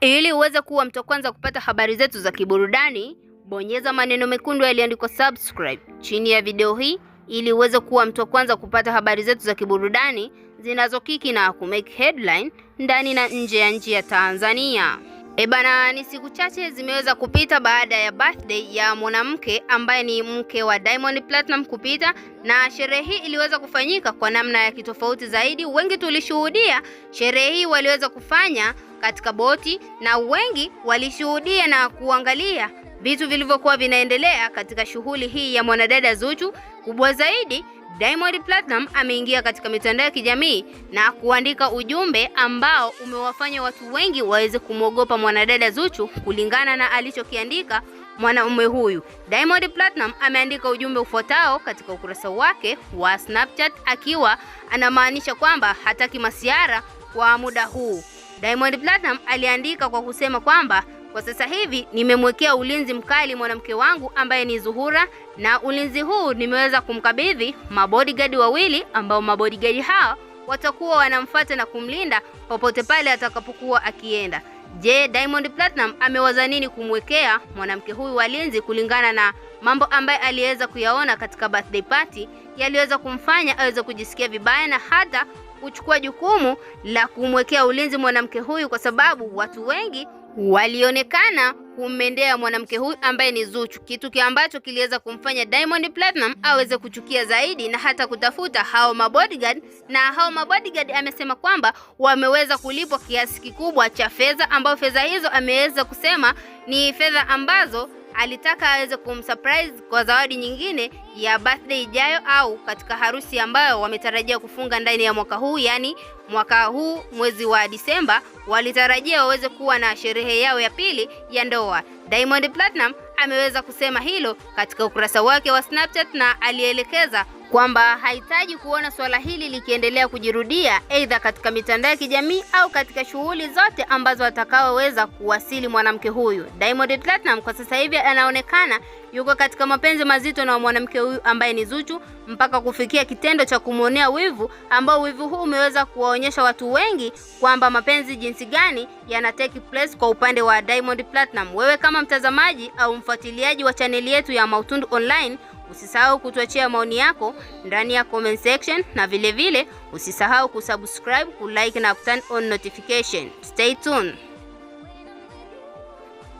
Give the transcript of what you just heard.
Ili uweze kuwa mtu wa kwanza kupata habari zetu za kiburudani, bonyeza maneno mekundu yaliyoandikwa subscribe chini ya video hii ili uweze kuwa mtu wa kwanza kupata habari zetu za kiburudani zinazokiki na kumake headline ndani na nje ya nchi ya Tanzania. E bana, ni siku chache zimeweza kupita baada ya birthday ya mwanamke ambaye ni mke wa Diamond Platinum kupita, na sherehe hii iliweza kufanyika kwa namna ya kitofauti zaidi. Wengi tulishuhudia sherehe hii waliweza kufanya katika boti, na wengi walishuhudia na kuangalia vitu vilivyokuwa vinaendelea katika shughuli hii ya mwanadada Zuchu. Kubwa zaidi Diamond Platinum ameingia katika mitandao ya kijamii na kuandika ujumbe ambao umewafanya watu wengi waweze kumwogopa mwanadada Zuchu kulingana na alichokiandika mwanaume huyu. Diamond Platinum ameandika ujumbe ufuatao katika ukurasa wake wa Snapchat akiwa anamaanisha kwamba hataki masiara kwa muda huu. Diamond Platinum aliandika kwa kusema kwamba kwa sasa hivi nimemwekea ulinzi mkali mwanamke wangu ambaye ni Zuhura, na ulinzi huu nimeweza kumkabidhi mabodyguard wawili, ambao mabodyguard hao watakuwa wanamfuata na kumlinda popote pale atakapokuwa akienda. Je, Diamond Platinum amewaza nini kumwekea mwanamke huyu walinzi kulingana na mambo ambayo aliweza kuyaona katika birthday party yaliweza kumfanya aweze kujisikia vibaya na hata kuchukua jukumu la kumwekea ulinzi mwanamke huyu, kwa sababu watu wengi walionekana kumendea mwanamke huyu ambaye ni Zuchu, kitu ambacho kiliweza kumfanya Diamond Platinum aweze kuchukia zaidi na hata kutafuta hao mabodyguard. Na hao mabodyguard amesema kwamba wameweza kulipwa kiasi kikubwa cha fedha, ambao fedha hizo ameweza kusema ni fedha ambazo alitaka aweze kumsurprise kwa zawadi nyingine ya birthday ijayo au katika harusi ambayo wametarajia kufunga ndani ya mwaka huu, yaani mwaka huu mwezi wa Disemba walitarajia waweze kuwa na sherehe yao ya pili ya ndoa. Diamond Platinum ameweza kusema hilo katika ukurasa wake wa Snapchat na alielekeza kwamba hahitaji kuona suala hili likiendelea kujirudia aidha katika mitandao ya kijamii au katika shughuli zote ambazo atakaoweza kuwasili mwanamke huyu. Diamond Platinum kwa sasa hivi anaonekana yuko katika mapenzi mazito na mwanamke huyu ambaye ni Zuchu mpaka kufikia kitendo cha kumwonea wivu, ambao wivu huu umeweza kuwaonyesha watu wengi kwamba mapenzi jinsi gani yana take place kwa upande wa Diamond Platinum. Wewe kama mtazamaji au mfuatiliaji wa chaneli yetu ya Mautundu Online Usisahau kutuachia maoni yako ndani ya comment section, na vilevile vile, usisahau kusubscribe, kulike na kuturn on notification. Stay tuned.